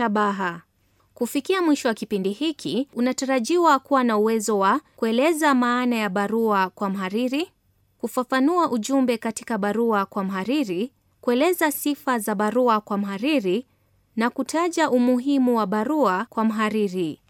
shabaha. Kufikia mwisho wa kipindi hiki, unatarajiwa kuwa na uwezo wa kueleza maana ya barua kwa mhariri, kufafanua ujumbe katika barua kwa mhariri, kueleza sifa za barua kwa mhariri na kutaja umuhimu wa barua kwa mhariri.